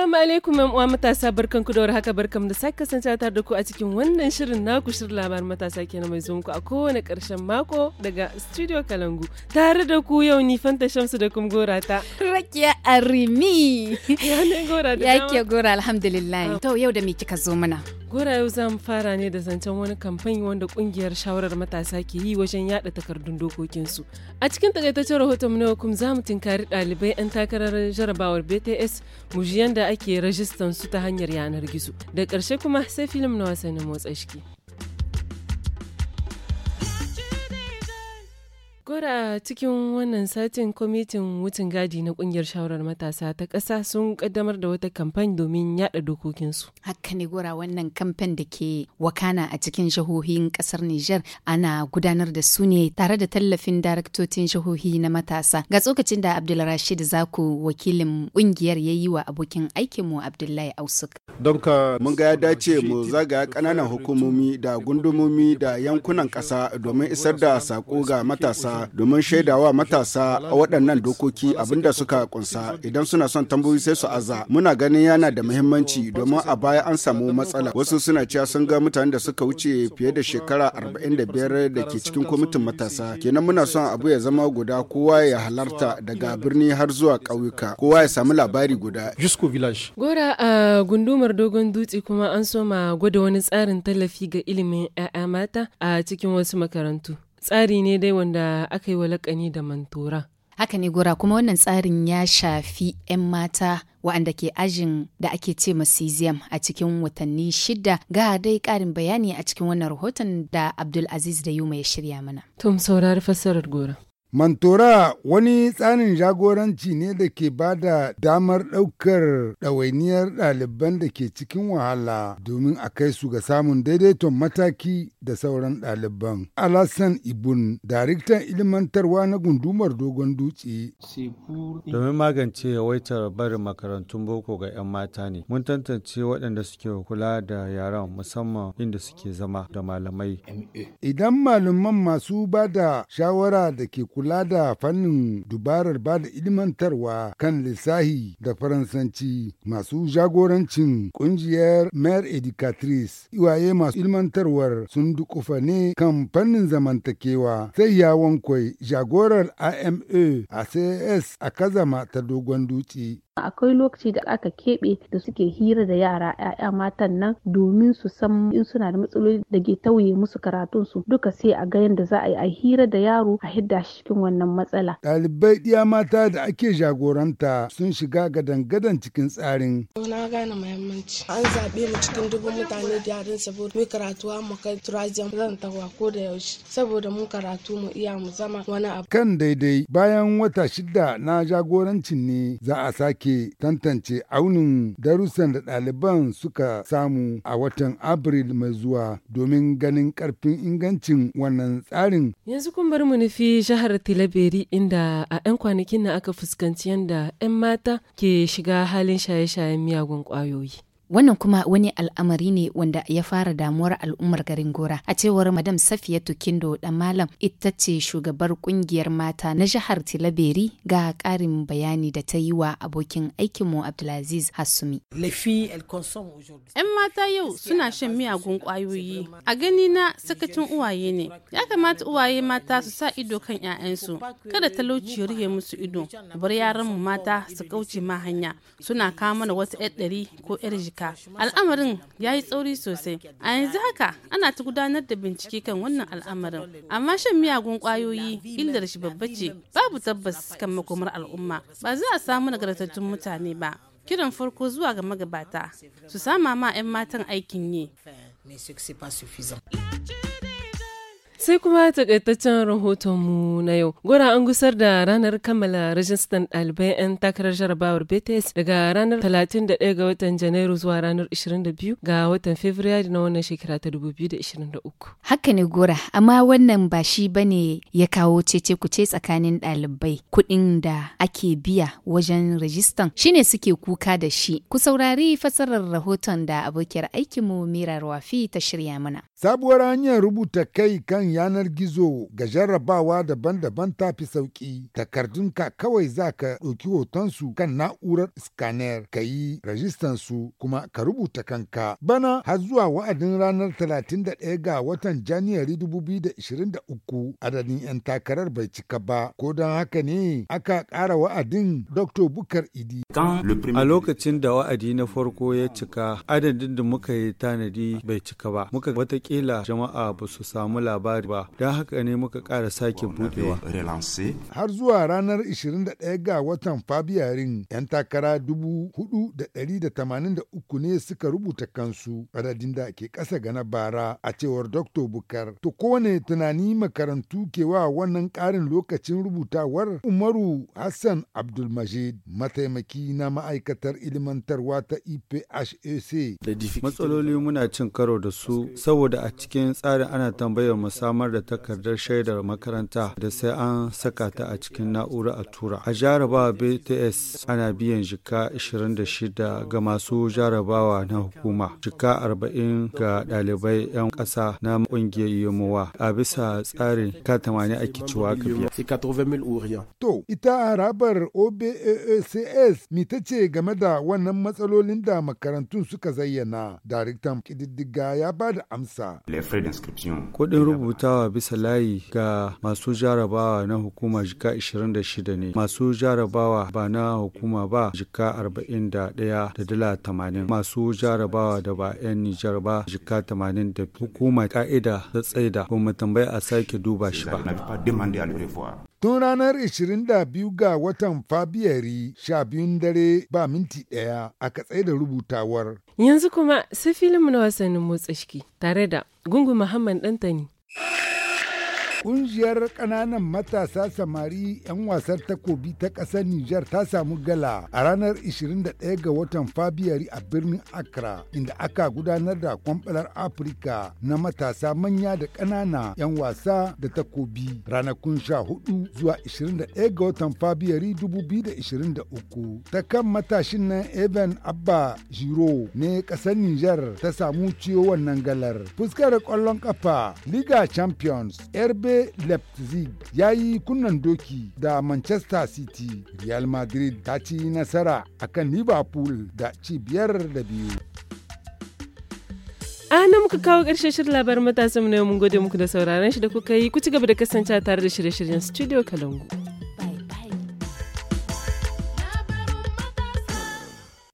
Assalamu alaikum yan uwa matasa barkanku da haka barkam da sake kasancewa tare da ku a cikin wannan shirin naku shirin labarin matasa kenan mai zuwa ku a kowane karshen mako daga Studio Kalangu. Tare da ku yau ni Fanta Shamsu da kuma Gorata. bark ya arimi. Ya ne gora da Ya gora alhamdulillah. To yau da me kika zo mana? Gora yau zan fara ne da zancen wani kamfani wanda kungiyar shawarar matasa ke yi wajen yada takardun dokokin su A cikin takaitaccen rahoton na hukum za mu tinkari ɗalibai 'yan takarar jarabawar BTS mujiyan da ake rajistan su ta hanyar yanar gizo. Da ƙarshe kuma sai filim na wasannin motsa shiki. Gora cikin wannan satin kwamitin wucin gadi na kungiyar shawarar matasa ta ƙasa sun kaddamar da wata kamfani domin yada dokokinsu. Haka ne gora wannan kamfan da ke wakana a cikin jihohin ƙasar Nijar ana gudanar da su ne tare da tallafin daraktocin jihohi na matasa. Ga tsokacin da Abdulrashid Zaku wakilin kungiyar ya yi wa abokin aikinmu Abdullahi Ausuk. Don uh, mun ga ya dace mu zagaya ƙananan hukumomi da gundumomi da yankunan ƙasa domin isar da saƙo ga matasa domin shaidawa matasa a waɗannan dokoki abinda suka kunsa idan suna son tambayi sai su aza muna ganin yana da muhimmanci domin a baya an samu matsala wasu suna cewa sun ga mutanen da suka wuce fiye da shekara 45 da ke cikin kwamitin matasa kenan muna son abu ya zama guda kowa ya halarta daga birni har zuwa ƙauyuka kowa ya samu labari guda gora a gundumar dogon dutse kuma an soma gwada wani tsarin tallafi ga ilimin 'ya'ya mata a cikin wasu makarantu tsari ne dai wanda aka yi wa lakani da mantora. Haka ne gora kuma wannan tsarin ya shafi 'yan mata wa'anda ke ajin da ake ce masiziyam a cikin watanni shida ga dai ƙarin bayani a cikin wannan rahoton da Abdul Aziz da Yuma ya shirya mana. Tum saurari fassarar gora. Mantora wani tsarin jagoranci ne da ke ba da damar ɗaukar ɗawainiyar ɗaliban da ke cikin wahala domin a kai su ga samun daidaiton mataki da sauran ɗaliban. Alasan Ibun, daraktan ilimantarwa na gundumar dogon dutse. Domin magance yawaitar barin makarantun boko ga 'yan mata ne, mun tantance waɗanda suke kula da yaran musamman inda suke zama da malamai. Idan malaman masu ba da shawara da ke kula da fannin dubarar ba da ilmantarwa kan lissahi da faransanci masu jagorancin kungiyar Mare Educatrice iwaye masu ilmantarwar sun dukufa ne kan fannin zamantakewa sai yawon kwai jagorar AMA a CS a kazama ta dogon dutse. akwai lokaci da aka keɓe da suke hira da yara 'ya'ya matan nan domin su san in suna da matsaloli da ke tauye musu karatun su duka sai a ga yadda za a yi a hira da yaro a hidda shi cikin wannan matsala. Ɗalibai ɗiya mata da ake jagoranta sun shiga gadan-gadan cikin tsarin. Na gane muhimmanci. An zaɓe mu cikin dubun mutane da yaran saboda mu karatuwa mu kai turajiyar zan tawa ko da yaushe saboda mu karatu mu iya mu zama wani abu. Kan daidai bayan wata shida na jagorancin ne za a sake ke tantance aunin darussan da ɗaliban suka samu a watan Abril mai zuwa domin ganin ƙarfin ingancin wannan tsarin. Yanzu kun bar mu nufi jihar Tilaberi inda a 'yan kwanakin na aka fuskanci yadda 'yan mata ke shiga halin shaye-shayen miyagun kwayoyi. Wannan kuma wani al'amari ne wanda ya fara damuwar al'ummar garin Gora. A cewar Madam safiya Tukindo da Malam ita ce shugabar kungiyar mata na jihar Tilaberi ga karin bayani da ta yi wa abokin aikinmu Abdulaziz hasumi. ‘Yan mata yau suna shan miyagun ƙwayoyi. A gani na sakacin uwaye ne. Ya kamata uwaye mata su sa ido kan 'ya'yansu. Kada talauci rige musu ido. Bar yaran mu mata su kauce ma hanya. Suna kawo mana wasu 'yar ɗari ko 'yar jika Amurka. al'amarin ya yi tsauri sosai a yanzu haka ana ta gudanar da bincike kan wannan al'amarin amma shan miyagun kwayoyi illar shi babba ce babu tabbas kan makomar al'umma ba za a samu nagartattun mutane ba kiran farko zuwa ga magabata su sama ma 'yan matan aikin yi Sai kuma takaitaccen rahotonmu na yau. gora an gusar da ranar kammala rajistan ɗalibai 'yan takarar jarabawar BTS daga ranar 31 ga watan Janairu zuwa ranar 22 ga watan Fabrairu na wannan shekara ta 2023. Haka ne Gora, amma wannan ba shi ba ne ya kawo cece kuce tsakanin ɗalibai kuɗin da ake biya wajen rajistan shine suke kuka da shi. Ku saurari fasarar rahoton da abokiyar aikinmu Mira Rafi ta shirya mana. Sabuwar hanyar rubuta kai kan yanar gizo ga jarrabawa daban-daban ta fi sauƙi. ka kawai za ka ɗauki hotonsu kan na'urar scanner ka yi rajistansu kuma ka rubuta kanka. Bana har zuwa wa'adin ranar 31 ga watan Janairu 2023 adadin 'yan takarar bai cika ba. Ko don haka ne aka ƙara wa'adin Dr. Bukar Idi. A lokacin da wa'adi na farko ya cika adadin da muka yi tanadi bai cika ba. Muka watakila jama'a ba su samu labari dan ba don haka ne muka kara sake budewa. Har zuwa ranar 21 ga watan Fabiyarin 'yan takara 4,183 ne suka rubuta kansu adadin da ke ƙasa ga na bara a cewar Dr. Bukar. To kowane tunani makarantu ke wa wannan ƙarin lokacin rubutawar Umaru Hassan Abdulmajid mataimaki na ma'aikatar ilimantarwa ta IPHAC. Matsaloli muna cin karo da su saboda a cikin tsarin ana tambayar musamman samar da takardar shaidar makaranta da sai an saka ta a cikin na'ura a tura. A jarabawa BTS ana biyan jika 26 ga masu jarabawa na hukuma, jika 40 ga ɗalibai 'yan ƙasa na ƙungiyar yomowa a bisa tsarin ka 80 ake ciwa To, ita harabar OBACS mi ta ce game da wannan matsalolin da makarantun suka zayyana. Daraktan kididdiga ya ba da amsa. Kuɗin rubuta rubutawa bisa layi ga masu jarabawa na hukuma jika 26 ne masu jarabawa ba na hukuma ba jika 41 da dala 80 masu jarabawa da ba 'yan nijar ba jika 80 da hukuma ka'ida ta tsaida ba mu tambaya a sake duba shi ba Tun ranar 22 ga watan Fabiyari sha biyun dare ba minti ɗaya aka tsaye da rubutawar. Yanzu kuma sai filin na wasannin motsa shiki tare da Gungun Muhammad Dantani. Ƙungiyar ƙananan matasa samari 'yan wasar takobi ta ƙasar Nijar ta samu gala a ranar 21 ga watan Fabiyari a birnin Accra inda aka gudanar da kwamfalar Afirka na matasa manya da ƙanana 'yan wasa da takobi ranakun hudu zuwa 21 ga watan Fabiyari 2023 ta kan matashin nan Eben Abba jiro ne ƙasar Nijar ta samu ciwo wannan galar. Fuskar ƙwallon ƙafa Liga Champions RB RB Leipzig ya yi kunnan doki da Manchester City. Real Madrid ta ci nasara akan Liverpool da ci biyar da biyu. ana muka kawo ƙarshen shirin labarin matasan na yau mun gode muku da sauraron shi da kuka yi ku ci gaba da kasance tare da shirye-shiryen studio Kalangu.